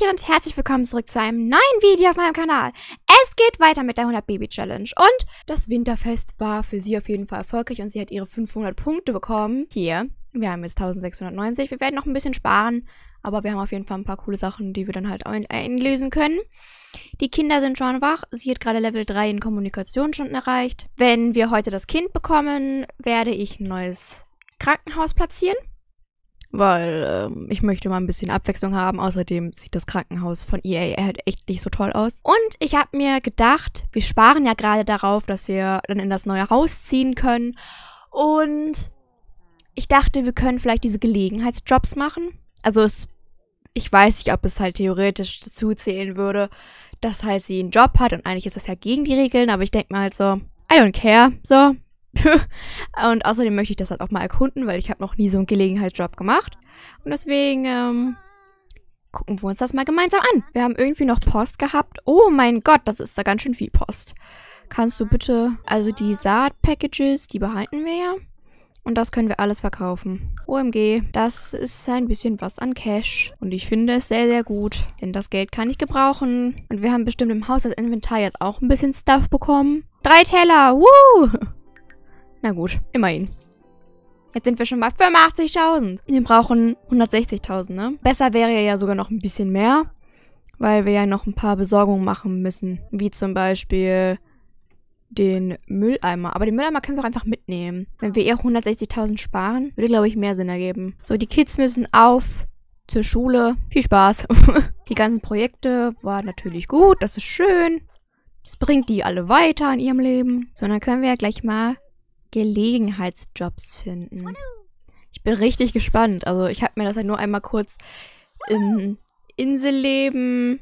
Hallöchen und herzlich willkommen zurück zu einem neuen Video auf meinem Kanal. Es geht weiter mit der 100 Baby Challenge und das Winterfest war für sie auf jeden Fall erfolgreich und sie hat ihre 500 Punkte bekommen. Hier, wir haben jetzt 1690, wir werden noch ein bisschen sparen, aber wir haben auf jeden Fall ein paar coole Sachen, die wir dann halt einlösen können. Die Kinder sind schon wach. Sie hat gerade Level 3 in Kommunikation schon erreicht. Wenn wir heute das Kind bekommen, werde ich ein neues Krankenhaus platzieren weil ähm, ich möchte mal ein bisschen Abwechslung haben. Außerdem sieht das Krankenhaus von EA halt echt nicht so toll aus. Und ich habe mir gedacht, wir sparen ja gerade darauf, dass wir dann in das neue Haus ziehen können. Und ich dachte, wir können vielleicht diese Gelegenheitsjobs machen. Also es, ich weiß nicht, ob es halt theoretisch dazu zählen würde, dass halt sie einen Job hat und eigentlich ist das ja gegen die Regeln, aber ich denke mal halt so, I don't care, so, und außerdem möchte ich das halt auch mal erkunden, weil ich habe noch nie so einen Gelegenheitsjob gemacht. Und deswegen ähm, gucken wir uns das mal gemeinsam an. Wir haben irgendwie noch Post gehabt. Oh mein Gott, das ist da ganz schön viel Post. Kannst du bitte, also die Saat-Packages, die behalten wir ja. Und das können wir alles verkaufen. OMG, das ist ein bisschen was an Cash. Und ich finde es sehr, sehr gut. Denn das Geld kann ich gebrauchen. Und wir haben bestimmt im Haus das Inventar jetzt auch ein bisschen Stuff bekommen. Drei Teller, woo! Na gut, immerhin. Jetzt sind wir schon bei 85.000. Wir brauchen 160.000, ne? Besser wäre ja sogar noch ein bisschen mehr, weil wir ja noch ein paar Besorgungen machen müssen. Wie zum Beispiel den Mülleimer. Aber den Mülleimer können wir auch einfach mitnehmen. Wenn wir eher 160.000 sparen, würde, glaube ich, mehr Sinn ergeben. So, die Kids müssen auf zur Schule. Viel Spaß. die ganzen Projekte waren natürlich gut. Das ist schön. Das bringt die alle weiter in ihrem Leben. So, dann können wir ja gleich mal Gelegenheitsjobs finden. Ich bin richtig gespannt. Also ich habe mir das ja halt nur einmal kurz im Inselleben mhm.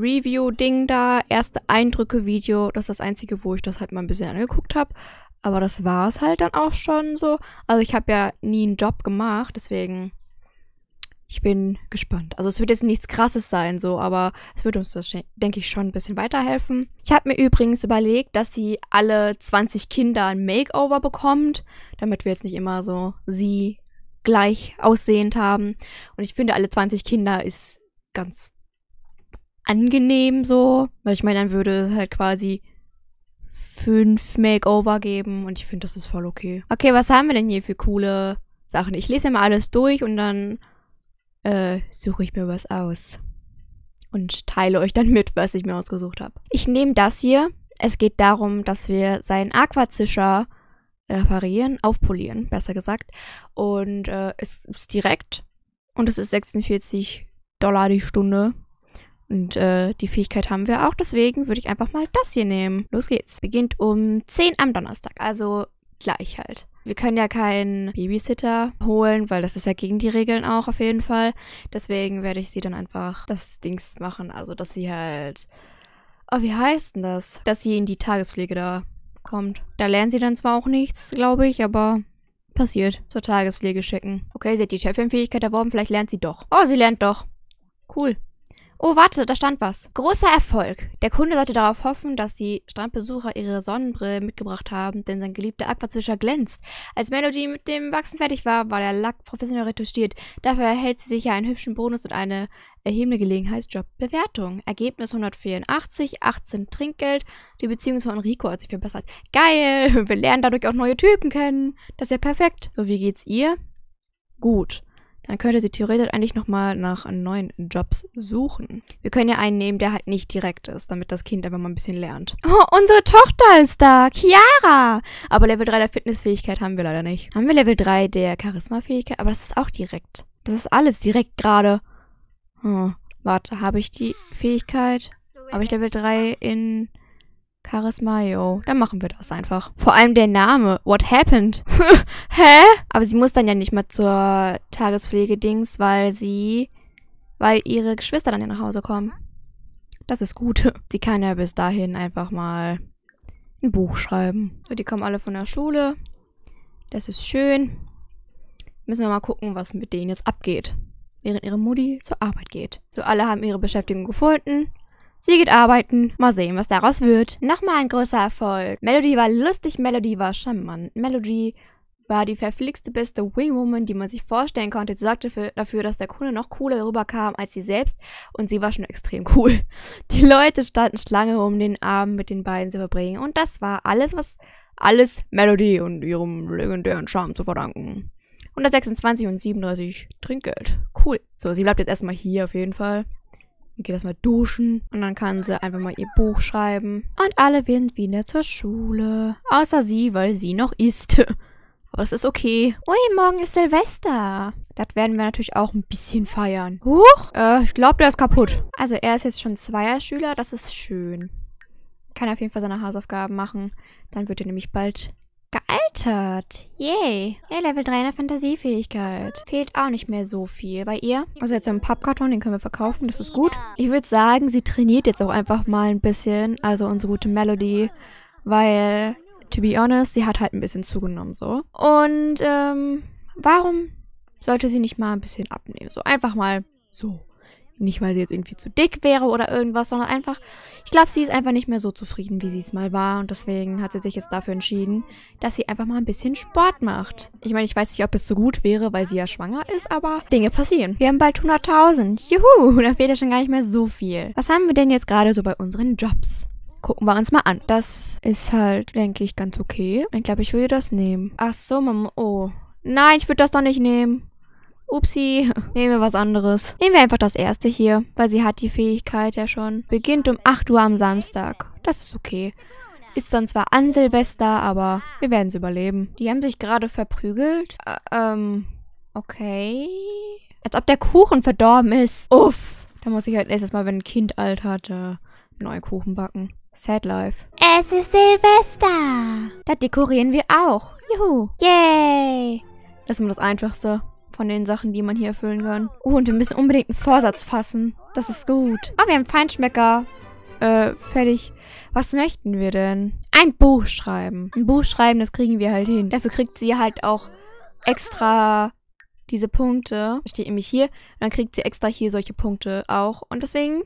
Review-Ding da, erste Eindrücke-Video, das ist das einzige, wo ich das halt mal ein bisschen angeguckt habe. Aber das war es halt dann auch schon so. Also ich habe ja nie einen Job gemacht, deswegen ich bin gespannt. Also es wird jetzt nichts Krasses sein, so, aber es wird uns, denke ich, schon ein bisschen weiterhelfen. Ich habe mir übrigens überlegt, dass sie alle 20 Kinder ein Makeover bekommt, damit wir jetzt nicht immer so sie gleich aussehend haben. Und ich finde, alle 20 Kinder ist ganz angenehm so, weil ich meine, dann würde es halt quasi fünf Makeover geben und ich finde, das ist voll okay. Okay, was haben wir denn hier für coole Sachen? Ich lese ja mal alles durch und dann äh, suche ich mir was aus und teile euch dann mit, was ich mir ausgesucht habe. Ich nehme das hier. Es geht darum, dass wir seinen Aquazischer reparieren, aufpolieren, besser gesagt. Und äh, es ist direkt und es ist 46 Dollar die Stunde. Und äh, die Fähigkeit haben wir auch, deswegen würde ich einfach mal das hier nehmen. Los geht's. Beginnt um 10 am Donnerstag, also gleich halt. Wir können ja keinen Babysitter holen, weil das ist ja gegen die Regeln auch auf jeden Fall. Deswegen werde ich sie dann einfach das Dings machen. Also, dass sie halt. Oh, wie heißt denn das? Dass sie in die Tagespflege da kommt. Da lernen sie dann zwar auch nichts, glaube ich, aber passiert. Zur Tagespflege schicken. Okay, sie hat die Champion-Fähigkeit erworben, vielleicht lernt sie doch. Oh, sie lernt doch. Cool. Oh, warte, da stand was. Großer Erfolg. Der Kunde sollte darauf hoffen, dass die Strandbesucher ihre Sonnenbrille mitgebracht haben, denn sein geliebter Aquazwischer glänzt. Als Melody mit dem Wachsen fertig war, war der Lack professionell retuschiert. Dafür erhält sie sicher einen hübschen Bonus und eine erhebende Gelegenheitsjobbewertung. Ergebnis 184, 18 Trinkgeld. Die Beziehung zu Enrico hat sich verbessert. Geil! Wir lernen dadurch auch neue Typen kennen. Das ist ja perfekt. So, wie geht's ihr? Gut dann könnte sie theoretisch eigentlich nochmal nach neuen Jobs suchen. Wir können ja einen nehmen, der halt nicht direkt ist, damit das Kind einfach mal ein bisschen lernt. Oh, unsere Tochter ist da, Chiara! Aber Level 3 der Fitnessfähigkeit haben wir leider nicht. Haben wir Level 3 der Charismafähigkeit? Aber das ist auch direkt. Das ist alles direkt gerade. Oh, warte, habe ich die Fähigkeit? Habe ich Level 3 in Charismayo. Dann machen wir das einfach. Vor allem der Name. What happened? Hä? Aber sie muss dann ja nicht mehr zur Tagespflege-Dings, weil sie. weil ihre Geschwister dann ja nach Hause kommen. Das ist gut. Sie kann ja bis dahin einfach mal ein Buch schreiben. So, die kommen alle von der Schule. Das ist schön. Müssen wir mal gucken, was mit denen jetzt abgeht. Während ihre Mutti zur Arbeit geht. So, alle haben ihre Beschäftigung gefunden. Sie geht arbeiten. Mal sehen, was daraus wird. Nochmal ein großer Erfolg. Melody war lustig, Melody war charmant. Melody war die verflixte beste Wingwoman, die man sich vorstellen konnte. Sie sorgte für, dafür, dass der Kunde noch cooler rüberkam als sie selbst und sie war schon extrem cool. Die Leute standen Schlange, um den Abend mit den beiden zu verbringen und das war alles, was alles Melody und ihrem legendären Charme zu verdanken. 126 und 37 Trinkgeld. Cool. So, sie bleibt jetzt erstmal hier auf jeden Fall geht erstmal duschen und dann kann sie einfach mal ihr Buch schreiben. Und alle werden wieder zur Schule. Außer sie, weil sie noch isst. Aber das ist okay. Ui, morgen ist Silvester. Das werden wir natürlich auch ein bisschen feiern. Huch, äh, ich glaube, der ist kaputt. Also er ist jetzt schon Zweierschüler, das ist schön. Kann er auf jeden Fall seine Hausaufgaben machen. Dann wird er nämlich bald geil erweitert. Yay. Hey, Level 3 in der Fantasiefähigkeit. Fehlt auch nicht mehr so viel bei ihr. Also jetzt einen Pappkarton, den können wir verkaufen, das ist gut. Ich würde sagen, sie trainiert jetzt auch einfach mal ein bisschen, also unsere gute Melody, weil, to be honest, sie hat halt ein bisschen zugenommen so. Und, ähm, warum sollte sie nicht mal ein bisschen abnehmen? So einfach mal so. Nicht, weil sie jetzt irgendwie zu dick wäre oder irgendwas, sondern einfach, ich glaube, sie ist einfach nicht mehr so zufrieden, wie sie es mal war. Und deswegen hat sie sich jetzt dafür entschieden, dass sie einfach mal ein bisschen Sport macht. Ich meine, ich weiß nicht, ob es so gut wäre, weil sie ja schwanger ist, aber Dinge passieren. Wir haben bald 100.000. Juhu, da fehlt ja schon gar nicht mehr so viel. Was haben wir denn jetzt gerade so bei unseren Jobs? gucken wir uns mal an. Das ist halt, denke ich, ganz okay. Ich glaube, ich würde das nehmen. Ach so, Mama. Oh. Nein, ich würde das doch nicht nehmen. Upsi, nehmen wir was anderes. Nehmen wir einfach das erste hier, weil sie hat die Fähigkeit ja schon. Beginnt um 8 Uhr am Samstag. Das ist okay. Ist dann zwar an Silvester, aber wir werden es überleben. Die haben sich gerade verprügelt. Ä ähm, okay. Als ob der Kuchen verdorben ist. Uff. Da muss ich halt nächstes Mal, wenn ein Kind alt hat, äh, neue Kuchen backen. Sad Life. Es ist Silvester. Da dekorieren wir auch. Juhu. Yay. Das ist immer das Einfachste von den Sachen, die man hier erfüllen kann. Oh, und wir müssen unbedingt einen Vorsatz fassen. Das ist gut. Oh, wir haben Feinschmecker. Äh, fertig. Was möchten wir denn? Ein Buch schreiben. Ein Buch schreiben, das kriegen wir halt hin. Dafür kriegt sie halt auch extra diese Punkte. Steht nämlich hier. Und dann kriegt sie extra hier solche Punkte auch. Und deswegen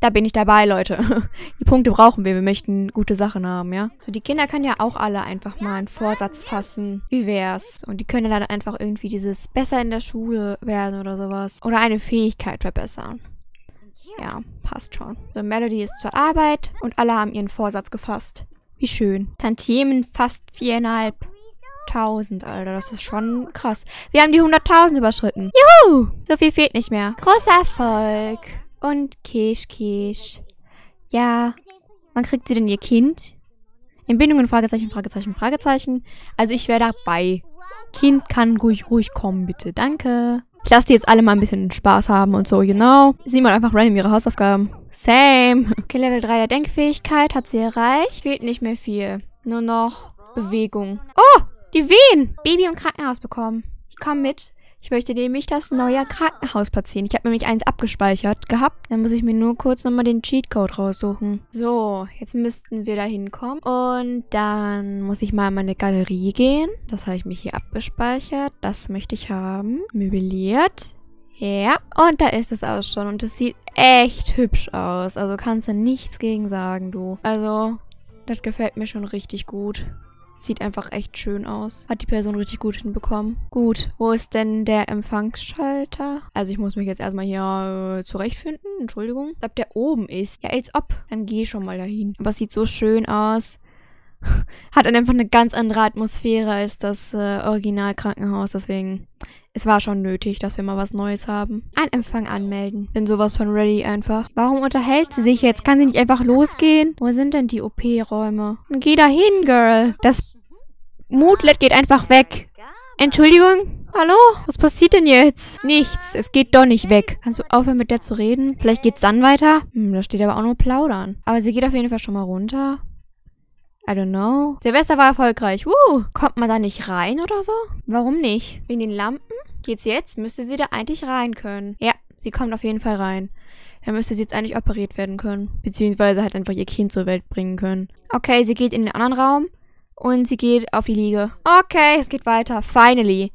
da bin ich dabei, Leute. Die Punkte brauchen wir. Wir möchten gute Sachen haben, ja? So, die Kinder können ja auch alle einfach mal einen Vorsatz fassen. Wie wär's? Und die können dann einfach irgendwie dieses besser in der Schule werden oder sowas. Oder eine Fähigkeit verbessern. Ja, passt schon. So, Melody ist zur Arbeit und alle haben ihren Vorsatz gefasst. Wie schön. Tantiemen fast viereinhalb. Tausend, Alter. Das ist schon krass. Wir haben die 100.000 überschritten. Juhu! So viel fehlt nicht mehr. Großer Erfolg. Und Kisch, Kisch. Ja. Wann kriegt sie denn ihr Kind? In Entbindungen, Fragezeichen, Fragezeichen, Fragezeichen. Also ich wäre dabei. Kind kann ruhig, ruhig kommen, bitte. Danke. Ich lasse die jetzt alle mal ein bisschen Spaß haben und so, You know. Sie mal einfach random ihre Hausaufgaben. Same. Okay, Level 3 der Denkfähigkeit hat sie erreicht. Fehlt nicht mehr viel. Nur noch Bewegung. Oh, die Wehen. Baby im Krankenhaus bekommen. Ich komme mit. Ich möchte nämlich das neue Krankenhaus platzieren. Ich habe nämlich eins abgespeichert gehabt. Dann muss ich mir nur kurz nochmal den Cheatcode raussuchen. So, jetzt müssten wir da hinkommen. Und dann muss ich mal in meine Galerie gehen. Das habe ich mich hier abgespeichert. Das möchte ich haben. Möbliert. Ja, und da ist es auch schon. Und es sieht echt hübsch aus. Also kannst du nichts gegen sagen, du. Also, das gefällt mir schon richtig gut. Sieht einfach echt schön aus. Hat die Person richtig gut hinbekommen. Gut, wo ist denn der Empfangsschalter? Also ich muss mich jetzt erstmal hier äh, zurechtfinden. Entschuldigung. Ich glaube, der oben ist. Ja, als ob. Dann geh schon mal dahin. Aber es sieht so schön aus. hat dann einfach eine ganz andere Atmosphäre als das äh, Originalkrankenhaus. Deswegen, es war schon nötig, dass wir mal was Neues haben. Ein Empfang anmelden. Bin sowas von ready einfach. Warum unterhält sie sich jetzt? Kann sie nicht einfach losgehen? Wo sind denn die OP-Räume? Geh da hin, Girl. Das Moodlet geht einfach weg. Entschuldigung? Hallo? Was passiert denn jetzt? Nichts. Es geht doch nicht weg. Kannst du aufhören, mit der zu reden? Vielleicht geht's dann weiter? Hm, da steht aber auch nur plaudern. Aber sie geht auf jeden Fall schon mal runter. I don't know. Silvester war erfolgreich. Woo! Kommt man da nicht rein oder so? Warum nicht? Wegen den Lampen? Geht's jetzt? Müsste sie da eigentlich rein können. Ja, sie kommt auf jeden Fall rein. Dann müsste sie jetzt eigentlich operiert werden können. Beziehungsweise halt einfach ihr Kind zur Welt bringen können. Okay, sie geht in den anderen Raum. Und sie geht auf die Liege. Okay, es geht weiter. Finally.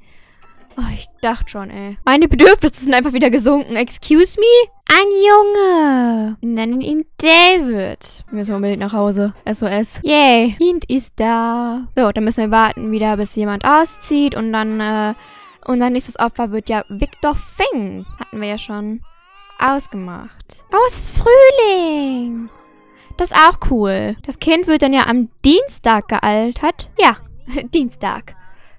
Oh, ich dachte schon, ey. Meine Bedürfnisse sind einfach wieder gesunken. Excuse me? Ein Junge. Nennen ihn David. Wir müssen unbedingt nach Hause. SOS. Yay. Kind ist da. So, dann müssen wir warten wieder, bis jemand auszieht. Und dann, äh, unser nächstes Opfer wird ja Victor Fing. Hatten wir ja schon ausgemacht. Oh, es ist Frühling. Das ist auch cool. Das Kind wird dann ja am Dienstag gealtert. Ja, Dienstag.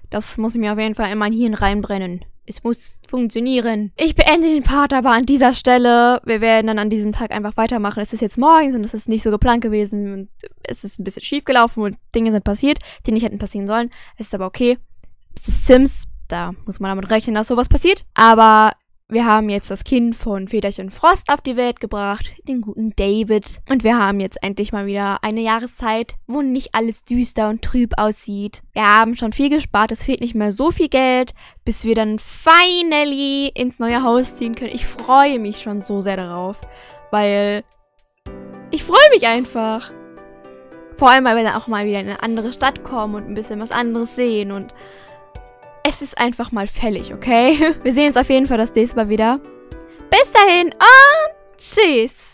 Das muss ich mir auf jeden Fall in mein Hirn reinbrennen. Es muss funktionieren. Ich beende den Part aber an dieser Stelle. Wir werden dann an diesem Tag einfach weitermachen. Es ist jetzt morgens und es ist nicht so geplant gewesen. Und es ist ein bisschen schief gelaufen und Dinge sind passiert, die nicht hätten passieren sollen. Es ist aber okay. Es ist Sims. Da muss man damit rechnen, dass sowas passiert. Aber wir haben jetzt das Kind von Väterchen Frost auf die Welt gebracht, den guten David. Und wir haben jetzt endlich mal wieder eine Jahreszeit, wo nicht alles düster und trüb aussieht. Wir haben schon viel gespart, es fehlt nicht mehr so viel Geld, bis wir dann finally ins neue Haus ziehen können. Ich freue mich schon so sehr darauf, weil ich freue mich einfach. Vor allem, weil wir dann auch mal wieder in eine andere Stadt kommen und ein bisschen was anderes sehen und es ist einfach mal fällig, okay? Wir sehen uns auf jeden Fall das nächste Mal wieder. Bis dahin und tschüss!